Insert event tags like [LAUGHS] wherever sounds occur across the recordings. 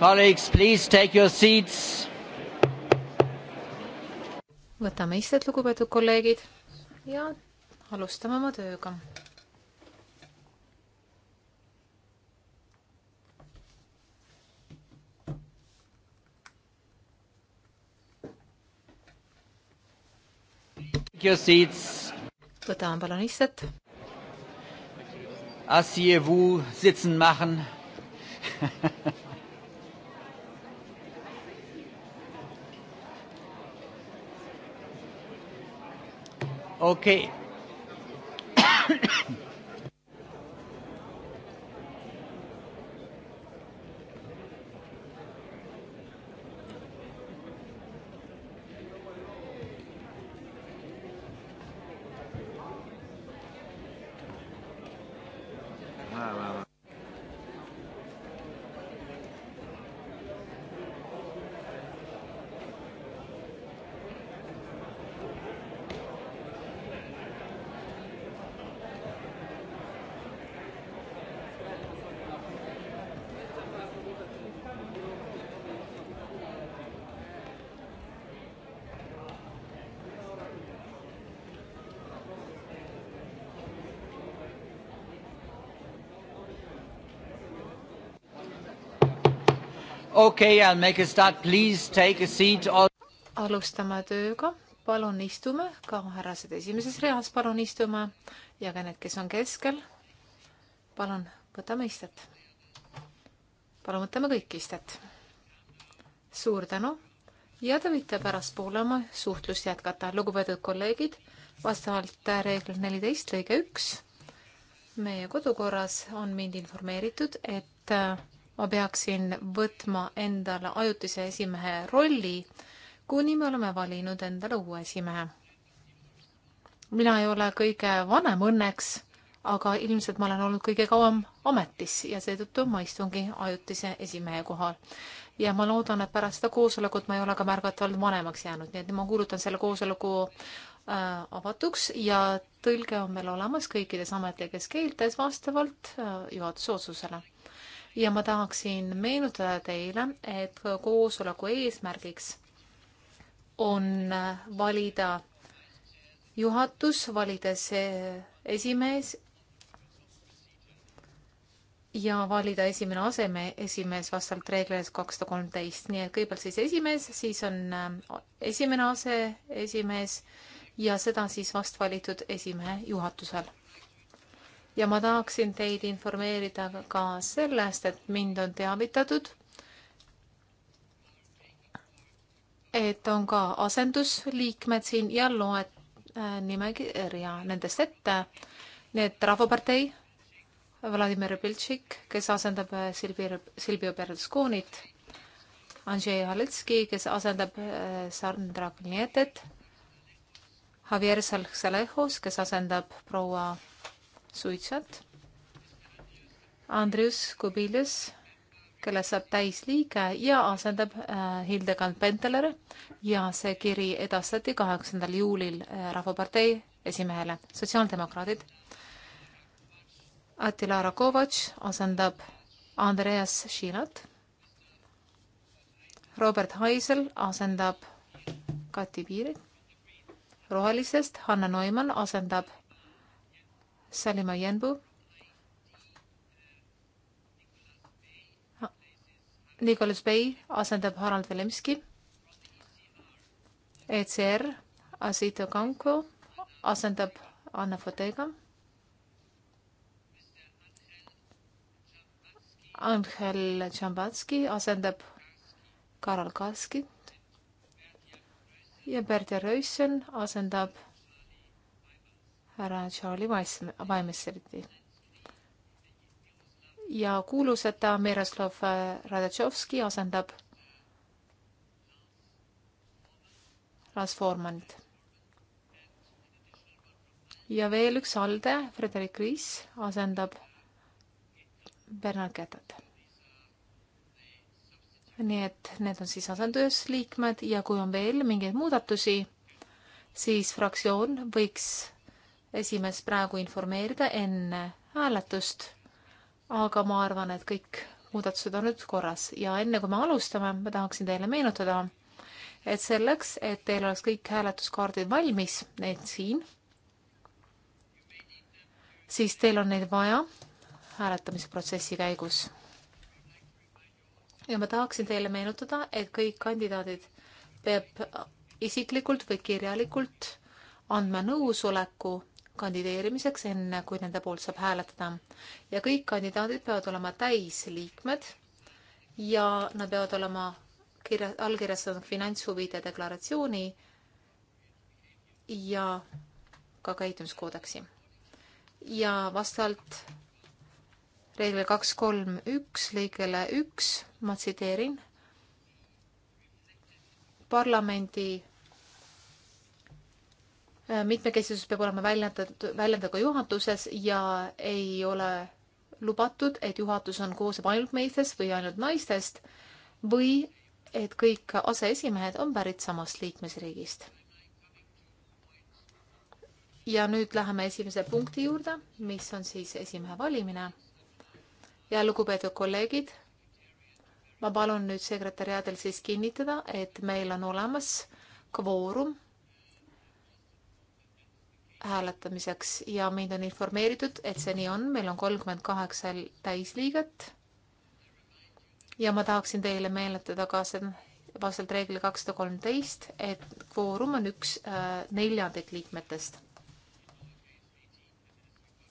Colleagues, please take your seats. võtame istet, lugupeetud kolleegid ja alustame oma tööga. võtame palun istet. Asseyez-vous, sitzen machen [LAUGHS] okei okay. okei okay,, I will make a start, please take a seat all.... alustame tööga, palun istume, ka härrased esimeses reas, palun istume ja ka need, kes on keskel. palun võtame istet. palun võtame kõik istet. suur tänu ja te võite pärastpoole oma suhtlust jätkata, lugupeetud kolleegid, vastavalt reeglil neliteist lõige üks meie kodukorras on mind informeeritud, et ma peaksin võtma endale ajutise esimehe rolli, kuni me oleme valinud endale uue esimehe. mina ei ole kõige vanem õnneks, aga ilmselt ma olen olnud kõige kauem ametis ja seetõttu ma istungi ajutise esimehe kohal. ja ma loodan, et pärast seda koosolekut ma ei ole ka märgatavalt vanemaks jäänud, nii et ma kuulutan selle koosoleku äh, avatuks ja tõlge on meil olemas kõikides ametlikes keeltes vastavalt äh, juhatuse otsusele ja ma tahaksin meenutada teile, et koosoleku eesmärgiks on valida juhatus, valides esimees ja valida esimene aseme esimees vastavalt reeglile kakssada kolmteist, nii et kõigepealt siis esimees, siis on äh, esimene aseesimees ja seda siis vast valitud esimehe juhatusel ja ma tahaksin teid informeerida ka sellest, et mind on teavitatud, et on ka asendusliikmed siin ja loed äh, nimekirja nendest ette. nii et Rahvapartei Vladimir Beltšik, kes asendab äh, Silvio, Silvio Berlusconit, Andrzej Haletski, kes asendab äh, Sandra Knietet, Javier Salcalejos, kes asendab proua suitsad, Andrius Kubilis, kellest saab täisliige ja asendab äh, Hildegard Penteler ja see kiri edastati kaheksandal juulil äh, Rahvapartei esimehele. sotsiaaldemokraadid. Attila Rakovatš asendab Andreas Šilat. Robert Haisel asendab Kati Piirit. rohelisest Hanna Neumann asendab Salima Jenbu, Nicolas Bay asendab Harald Velemski, ECR Asito Kanko asendab Anna Fotega, Angel Tšambatski asendab Karol Kaskit ja Berta Röisen asendab härra Charlie Vaimesserti ja kuulusõda Miroslav äh, Radatšovski asendab Lars Formanit. ja veel üks alde, Frederik Riis asendab Bernard Kätat. nii et need on siis asendusliikmed ja kui on veel mingeid muudatusi, siis fraktsioon võiks esimees praegu informeerida enne hääletust, aga ma arvan, et kõik muudatused on nüüd korras ja enne kui me alustame, ma tahaksin teile meenutada, et selleks, et teil oleks kõik hääletuskaardid valmis, need siin, siis teil on neid vaja hääletamise protsessi käigus. ja ma tahaksin teile meenutada, et kõik kandidaadid peab isiklikult või kirjalikult andma nõusoleku kandideerimiseks, enne kui nende poolt saab hääletada. ja kõik kandidaadid peavad olema täisliikmed ja nad peavad olema kirja, allkirjastanud finantshuvide deklaratsiooni ja ka käitumiskoodeksi. ja vastavalt reeglile kaks, kolm, üks, lõigele üks, ma tsiteerin, parlamendi mitmekesisus peab olema väljendatud, väljendada ka juhatuses ja ei ole lubatud, et juhatus on, koosneb ainult meestest või ainult naistest või et kõik aseesimehed on pärit samast liikmesriigist. ja nüüd läheme esimese punkti juurde, mis on siis esimehe valimine. ja lugupeetud kolleegid, ma palun nüüd sekretäriaadil siis kinnitada, et meil on olemas kvoorum hääletamiseks ja meid on informeeritud, et see nii on, meil on kolmkümmend kaheksa täisliiget. ja ma tahaksin teile meenutada ka seda vastavalt reeglile kakssada kolmteist, et kvoorum on üks äh, neljandik liikmetest.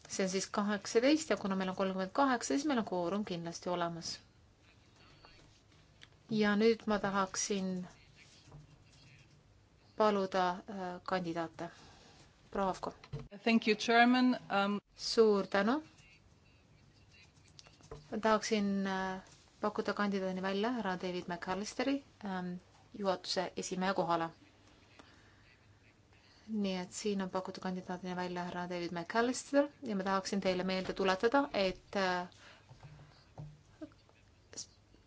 see on siis kaheksateist ja kuna meil on kolmkümmend kaheksa, siis meil on kvoorum kindlasti olemas. ja nüüd ma tahaksin paluda äh, kandidaate proua Havko. Um... suur tänu. ma tahaksin äh, pakkuda kandidaadini välja härra David McAllisteri ähm, juhatuse esimehe kohale. nii et siin on pakutud kandidaadina välja härra David McAllister ja ma tahaksin teile meelde tuletada, et äh,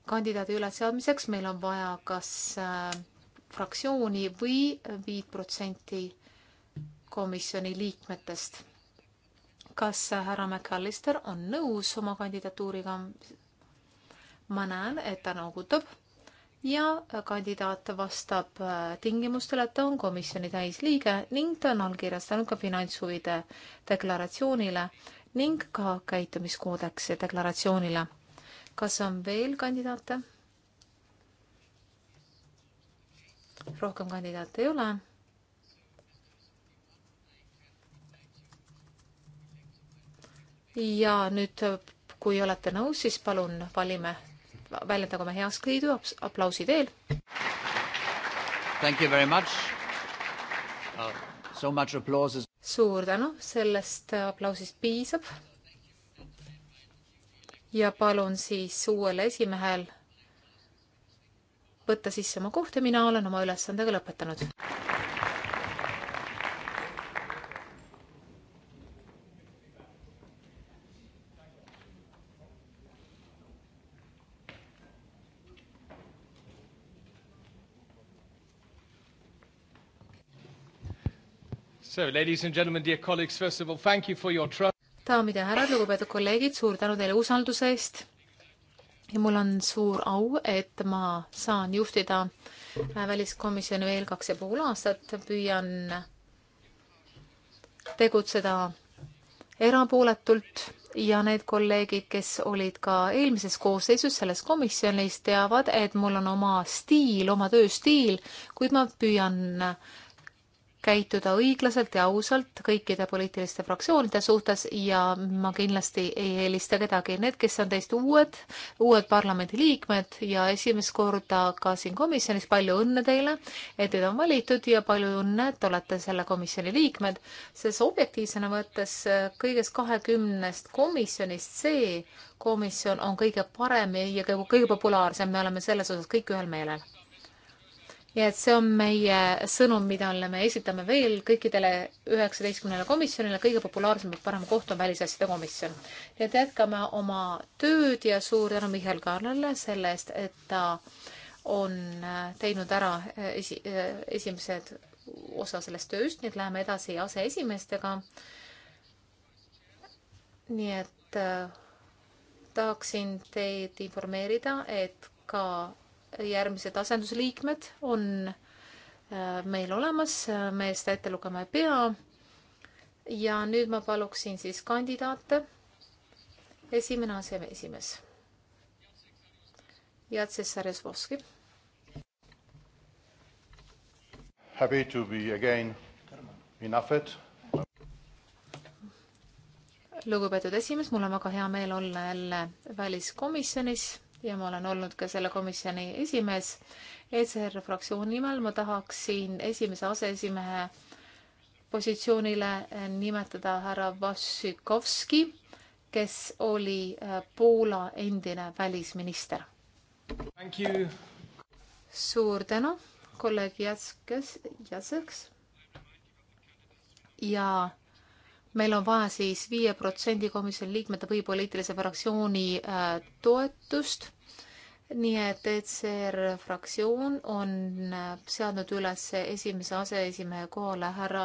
kandidaadi ülesseadmiseks meil on vaja kas äh, fraktsiooni või viit protsenti komisjoni liikmetest. kas härra McAllister on nõus oma kandidatuuriga? ma näen, et ta noogutab ja kandidaat vastab äh, tingimustele, et ta on komisjoni täisliige ning ta on allkirjastanud ka finantshuvide deklaratsioonile ning ka käitumiskoodeksi deklaratsioonile. kas on veel kandidaate? rohkem kandidaate ei ole ja nüüd, kui olete nõus, siis palun valime, väljendage oma heaskõidu aplausi teel. Thank you very much uh,. So much applause is. suur tänu, sellest aplausist piisab. ja palun siis uuel esimehel võtta sisse oma koht ja mina olen oma ülesandega lõpetanud. So, ladies and gentlemen, dear colleagues, first of all, thank you for your trust. daamid ja härrad, lugupeetud kolleegid, suur tänu teile usalduse eest. ja mul on suur au, et ma saan juhtida äh, väliskomisjoni veel kaks ja pool aastat, püüan tegutseda erapooletult ja need kolleegid, kes olid ka eelmises koosseisus selles komisjonis, teavad, et mul on oma stiil, oma tööstiil, kuid ma püüan käituda õiglaselt ja ausalt kõikide poliitiliste fraktsioonide suhtes ja ma kindlasti ei eelista kedagi. Need, kes on teist uued, uued parlamendiliikmed ja esimest korda ka siin komisjonis, palju õnne teile, et teid on valitud ja palju õnne, et olete selle komisjoni liikmed, sest objektiivsena võttes kõigest kahekümnest komisjonist see komisjon on kõige parem ja kõige populaarsem, me oleme selles osas kõik ühel meelel ja et see on meie sõnum, mida me esitame veel kõikidele üheksateistkümnele komisjonile, kõige populaarsem ja parem koht on välisasjade komisjon. nii et jätkame oma tööd ja suur tänu Mihhail Kaarlale selle eest, et ta on äh, teinud ära äh, esi-, äh, esimesed osa sellest tööst, nii et läheme edasi aseesimeestega. nii et äh, tahaksin teid informeerida, et ka järgmised asendusliikmed on äh, meil olemas, äh, me seda ette lugema ei pea. ja nüüd ma paluksin siis kandidaate. esimene aseesimees. Jacek Sarjasvovski. Happy to be again in Ahvet. lugupeetud esimees, mul on väga hea meel olla jälle väliskomisjonis ja ma olen olnud ka selle komisjoni esimees. ECR fraktsiooni nimel ma tahaksin esimese aseesimehe positsioonile nimetada härra Vassikovski, kes oli äh, Poola endine välisminister. suur tänu, kolleeg Jats-, kes, Jatseks ja meil on vaja siis viie protsendi komisjoni liikmete või poliitilise fraktsiooni äh, toetust. nii et ECR fraktsioon on äh, seadnud üles esimese aseesimehe kohale härra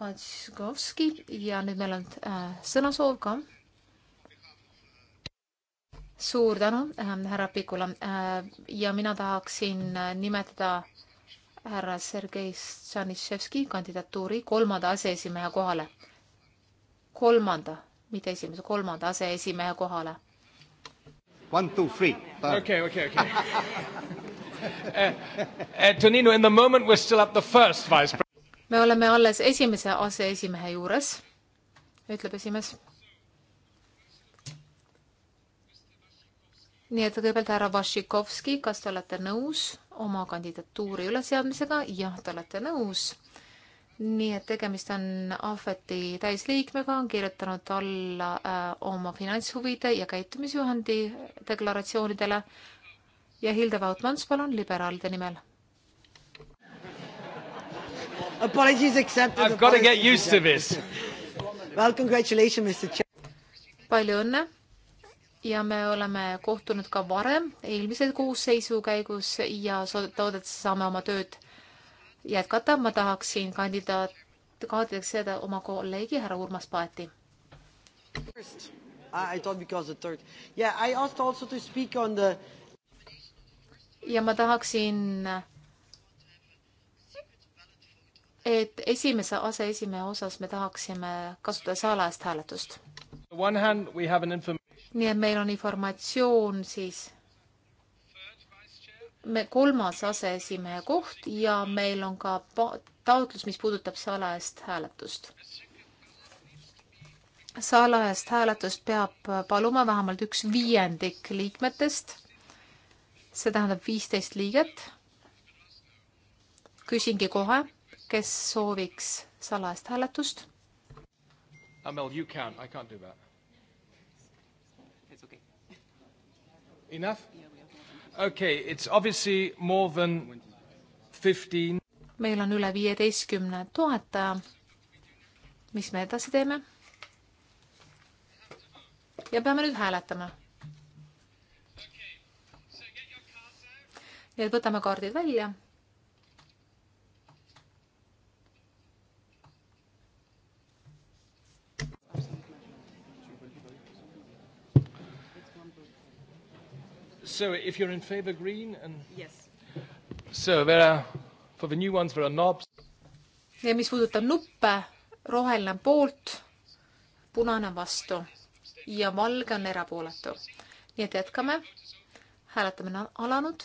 Vatskovski äh, ja nüüd meil on sõnasoov ka. suur tänu, härra Pikula ja mina tahaksin nimetada härra Sergei Stšaniševski kandidatuuri kolmanda aseesimehe kohale. kolmanda, mitte esimese, kolmanda aseesimehe kohale. One, two, three. okei, okei, okei. Tonino, in the moment we are still up the first vice president. me oleme alles esimese aseesimehe juures, ütleb esimees. nii et kõigepealt härra Vašikovski, kas te olete nõus? oma kandidatuuri ülesseadmisega, jah, te olete nõus. nii et tegemist on Ahveti täisliikmega, on kirjutanud alla äh, oma finantshuvide ja käitumisjuhendi deklaratsioonidele. ja Hilde Vautmans, palun, liberaalide nimel. Apologies accepted. I've got to get used to this. Well, congratulations, Mr Chair. palju õnne ja me oleme kohtunud ka varem eelmise koosseisu käigus ja loodetavasti saame oma tööd jätkata. ma tahaksin kandidaat, kandidaadiks jääda oma kolleegi härra Urmas Paeti. ja ma tahaksin et esimese aseesimehe osas me tahaksime kasutada salajast hääletust nii et meil on informatsioon siis me kolmas aseesimehe koht ja meil on ka taotlus, mis puudutab salajast hääletust. salajast hääletust peab paluma vähemalt üks viiendik liikmetest. see tähendab viisteist liiget. küsingi kohe, kes sooviks salajast hääletust. Amel, you can, I can't do that Enough? Okay, it's obviously more than fifteen. meil on üle viieteistkümne toetaja. mis me edasi teeme? ja peame nüüd hääletama. nii et võtame kaardid välja So if you're in favor, green and yes. So there are for the new ones there are knobs. ja mis puudutab nuppe, roheline on poolt, punane on vastu ja valge on erapooletu. nii et jätkame. hääletamine on alanud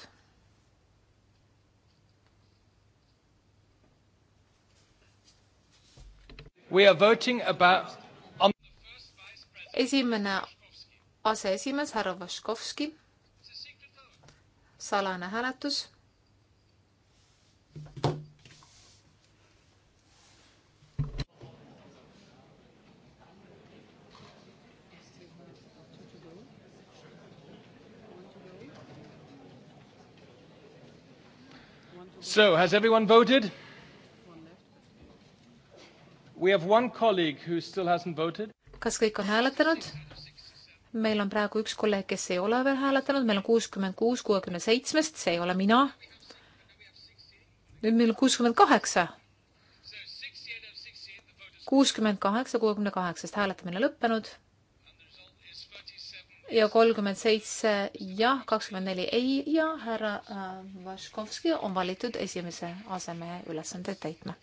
We are voting about on... esimene aseesimees härra Vaškovski salane hääletus. So, has everyone voted? We have one colleague who still hasn't voted. kas kõik on hääletanud? meil on praegu üks kolleeg, kes ei ole veel hääletanud, meil on kuuskümmend kuus kuuekümne seitsmest, see ei ole mina. nüüd meil on kuuskümmend kaheksa. kuuskümmend kaheksa kuuekümne kaheksast hääletamine lõppenud. ja kolmkümmend seitse jah, kakskümmend neli ei ja härra äh, Vaškovski on valitud esimese asemehe ülesanded täitma.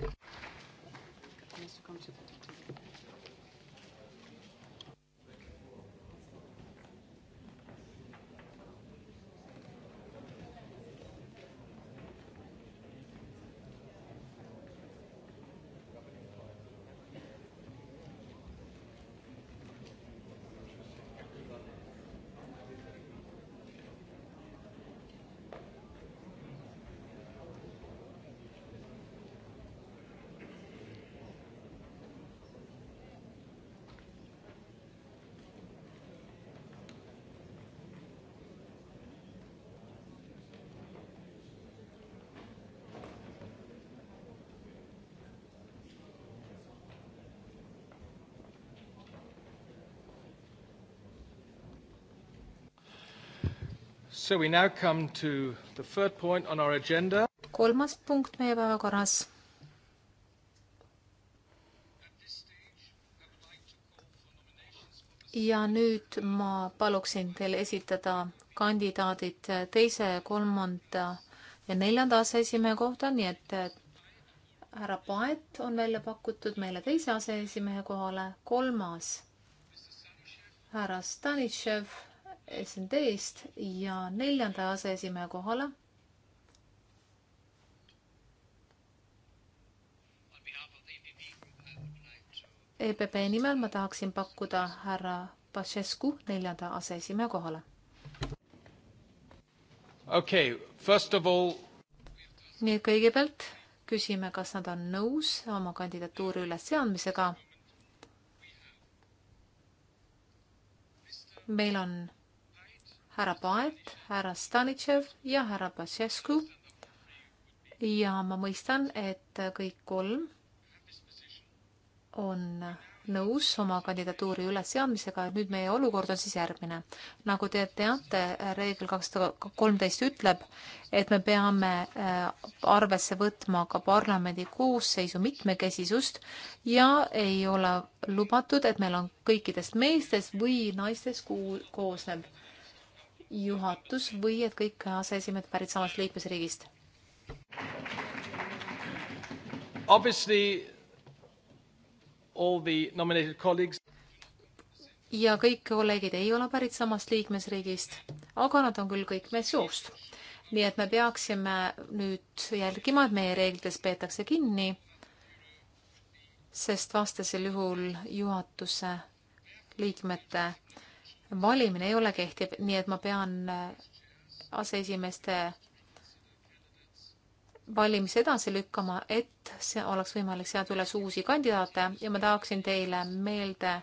So we now come to the third point on our agenda. kolmas punkt meie päevakorras. ja nüüd ma paluksin teil esitada kandidaadid teise, kolmanda ja neljanda aseesimehe kohta, nii et härra Paet on välja pakutud meile teise aseesimehe kohale, kolmas härra Stanitšev SMT-st ja neljanda aseesimehe kohale EPP nimel ma tahaksin pakkuda härra Pašescu neljanda aseesimehe kohale. okei okay,, first of all. nii, kõigepealt küsime, kas nad on nõus oma kandidatuuri ülesseadmisega. meil on härra Paet, härra Stanitšev ja härra Basescu. ja ma mõistan, et kõik kolm on nõus oma kandidatuuri ülesseadmisega, et nüüd meie olukord on siis järgmine. nagu te teate, reegel kakssada kolmteist ütleb, et me peame äh, arvesse võtma ka parlamendi koosseisu mitmekesisust ja ei ole lubatud, et meil on kõikidest meestest või naistest koosneb juhatus või et kõik aseesimehed pärit samast liikmesriigist? Obviously all the nominated colleagues ja kõik kolleegid ei ole pärit samast liikmesriigist, aga nad on küll kõik meie soost. nii et me peaksime nüüd jälgima, et meie reeglitest peetakse kinni, sest vastasel juhul juhatuse liikmete valimine ei ole kehtiv, nii et ma pean äh, aseesimeeste valimise edasi lükkama, et see oleks võimalik seada üles uusi kandidaate ja ma tahaksin teile meelde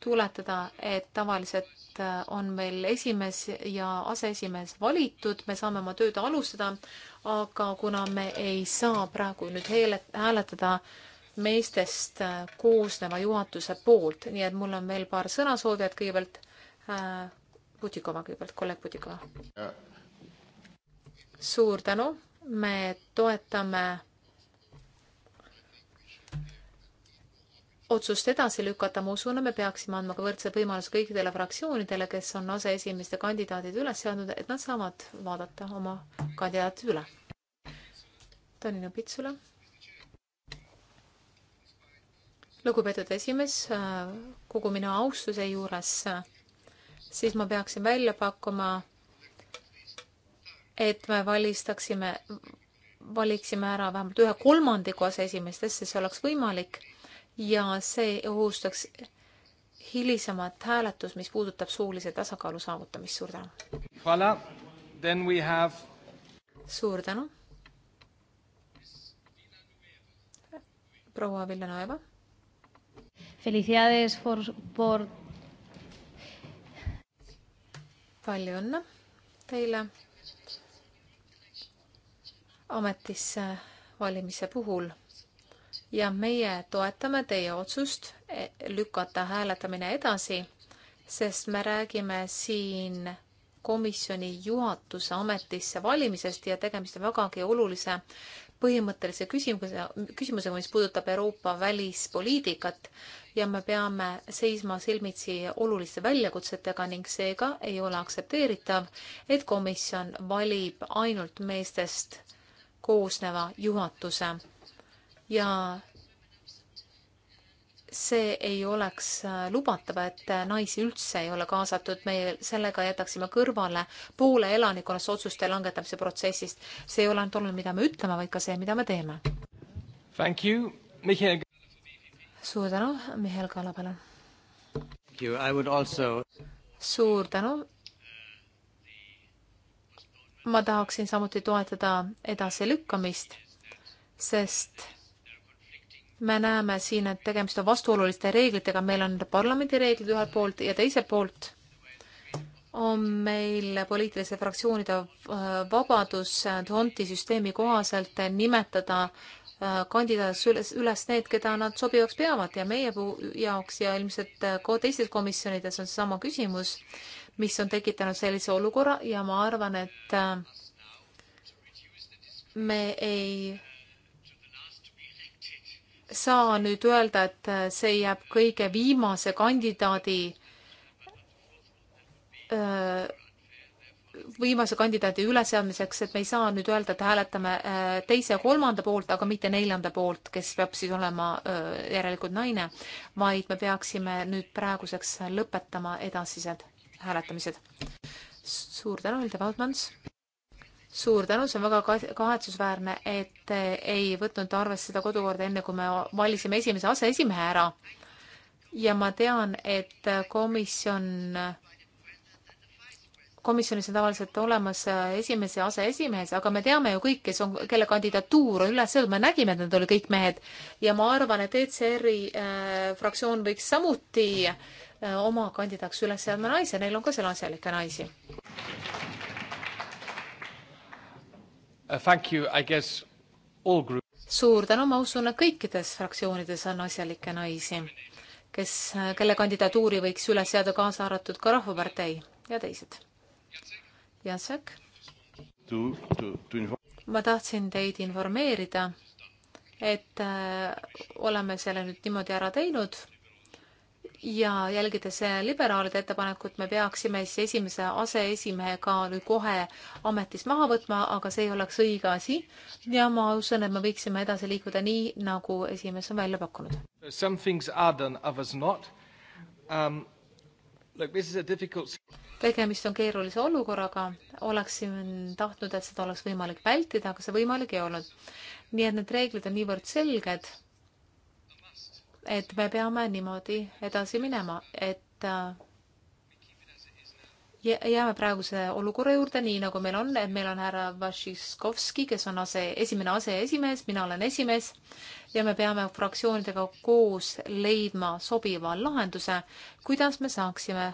tuletada, et tavaliselt äh, on meil esimees ja aseesimees valitud, me saame oma tööd alustada, aga kuna me ei saa praegu nüüd hääletada meestest äh, koosneva juhatuse poolt, nii et mul on veel paar sõnasoovijat kõigepealt Äh, Putikova kõigepealt, kolleeg Putikova. suur tänu, me toetame otsust edasi lükata, ma usun, et me peaksime andma ka võrdse võimaluse kõikidele fraktsioonidele, kes on aseesimeeste kandidaadid üles seadnud, et nad saavad vaadata oma kandidaatid üle. Tõnino Pitsula. lugupeetud esimees, äh, kogu minu austuse juures äh, siis ma peaksin välja pakkuma, et me valistaksime, valiksime ära vähemalt ühe kolmandiku aseesimeestest, siis see oleks võimalik ja see ohustaks hilisemat hääletust, mis puudutab suulise tasakaalu saavutamist. suur tänu! Have... suur tänu! proua Villanueva. Felicidades por, por palju õnne teile ametisse valimise puhul ja meie toetame teie otsust e, lükata hääletamine edasi, sest me räägime siin komisjoni juhatuse ametisse valimisest ja tegemist on vägagi olulise põhimõttelise küsimuse, küsimusega, mis puudutab Euroopa välispoliitikat ja me peame seisma silmitsi oluliste väljakutsetega ning seega ei ole aktsepteeritav, et komisjon valib ainult meestest koosneva juhatuse ja see ei oleks äh, lubatav, et äh, naisi üldse ei ole kaasatud, me sellega jätaksime kõrvale poole elanikkonnast otsuste langetamise protsessist. see ei ole ainult oluline, mida me ütleme, vaid ka see, mida me teeme. Thank you, Mihhail. suur tänu, Mihhail Kala, palun. Thank you, I would also. suur tänu. ma tahaksin samuti toetada edasilükkamist, sest me näeme siin, et tegemist on vastuoluliste reeglitega, meil on parlamendi reeglid ühelt poolt ja teiselt poolt on meil poliitiliste fraktsioonide äh, vabadus Honti süsteemi kohaselt nimetada äh, kandidaadiks üles, üles need, keda nad sobivaks peavad ja meie jaoks ja ilmselt äh, ka teistes komisjonides on seesama küsimus, mis on tekitanud sellise olukorra ja ma arvan, et me ei saa nüüd öelda, et see jääb kõige viimase kandidaadi, viimase kandidaadi üleseadmiseks, et me ei saa nüüd öelda, et hääletame teise ja kolmanda poolt, aga mitte neljanda poolt, kes peab siis olema järelikult naine, vaid me peaksime nüüd praeguseks lõpetama edasised hääletamised. suur tänu, Hilde Valdmans! suur tänu, see on väga kahetsusväärne, et ei võtnud arvesse seda kodukorda, enne kui me valisime esimese aseesimehe ära. ja ma tean, et komisjon, komisjonis on tavaliselt olemas esimees ja aseesimees, aga me teame ju kõik, kes on, kelle kandidatuur on üles öeldud, me nägime, et need olid kõik mehed ja ma arvan, et ECR-i äh, fraktsioon võiks samuti äh, oma kandidaaks üles seadma naise, neil on ka seal asjalikke naisi. Uh, suur tänu, ma usun, et kõikides fraktsioonides on asjalikke naisi, kes, äh, kelle kandidatuuri võiks üles seada kaasa arvatud ka Rahvapartei ja teised. Jacek? ma tahtsin teid informeerida, et äh, oleme selle nüüd niimoodi ära teinud ja jälgides äh, liberaalide ettepanekut, me peaksime siis esimese aseesimehe ka nüüd kohe ametist maha võtma, aga see ei oleks õige asi. ja ma usun, et me võiksime edasi liikuda nii, nagu esimees on välja pakkunud. Some things are done, others not um,. Look, this is a difficult tegemist on keerulise olukorraga, oleksin tahtnud, et seda oleks võimalik vältida, aga see võimalik ei olnud. nii et need reeglid on niivõrd selged et me peame niimoodi edasi minema, et äh, jääme praeguse olukorra juurde, nii nagu meil on, et meil on härra Vašiskovski, kes on ase, esimene aseesimees, mina olen esimees ja me peame fraktsioonidega koos leidma sobiva lahenduse, kuidas me saaksime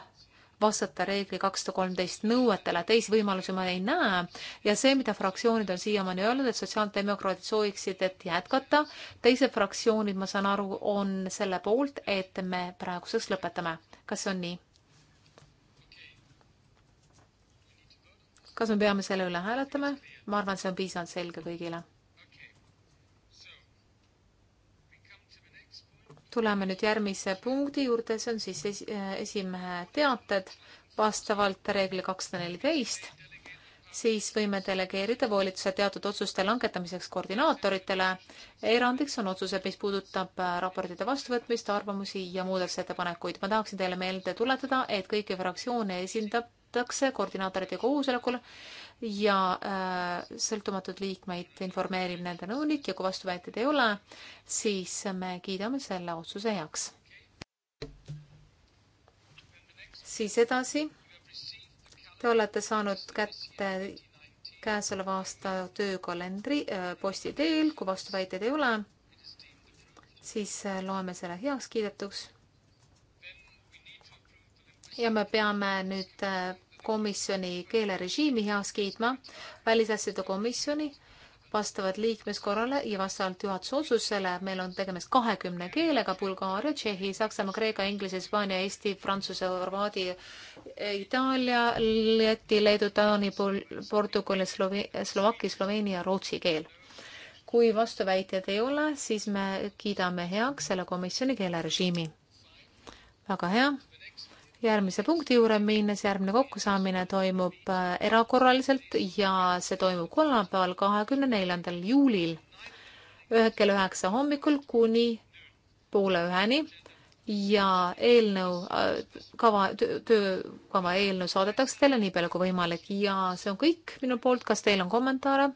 vastata reegli kakssada kolmteist nõuetele, teisi võimalusi ma ei näe ja see, mida fraktsioonid on siiamaani öelnud, et sotsiaaldemokraadid sooviksid, et jätkata, teised fraktsioonid, ma saan aru, on selle poolt, et me praeguseks lõpetame. kas see on nii? kas me peame selle üle hääletama? ma arvan, see on piisavalt selge kõigile tuleme nüüd järgmise punkti juurde, see on siis es äh, esimehe teated vastavalt reegli kakssada neliteist, siis võime delegeerida volituse teatud otsuste langetamiseks koordinaatoritele. erandiks on otsused, mis puudutab äh, raportide vastuvõtmist, arvamusi ja muudatusettepanekuid. ma tahaksin teile meelde tuletada, et kõiki fraktsioone esindab kutsutakse koordinaatorite koosolekule ja äh, sõltumatud liikmeid informeerib nende nõunik ja kui vastuväiteid ei ole, siis me kiidame selle otsuse heaks. siis edasi. Te olete saanud kätte käesoleva aasta töökalendri äh, posti teel, kui vastuväiteid ei ole, siis äh, loeme selle heaks kiidetuks ja me peame nüüd äh, komisjoni keelerežiimi heaks kiitma, välisasjade komisjoni vastavalt liikmeskorrale ja vastavalt juhatuse otsusele meil on tegemist kahekümne keelega Bulgaaria, Tšehhi, Saksamaa, Kreeka, Inglise, Hispaania, Eesti, Prantsuse, Horvaadi, Itaalia, Läti, Leedu, Taani, Portugal, Slovakkia, Sloveenia, Rootsi keel. kui vastuväiteid ei ole, siis me kiidame heaks selle komisjoni keelerežiimi. väga hea järgmise punkti juurde minnes, järgmine kokkusaamine toimub äh, erakorraliselt ja see toimub kolmapäeval, kahekümne neljandal juulil kell üheksa hommikul kuni poole üheni ja eelnõu äh, kava, töökava eelnõu saadetakse teile nii palju kui võimalik ja see on kõik minu poolt, kas teil on kommentaare?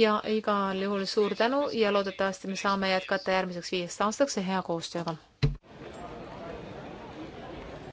ja igal juhul suur tänu ja loodetavasti me saame jätkata järgmiseks viieks aastaks hea koostööga.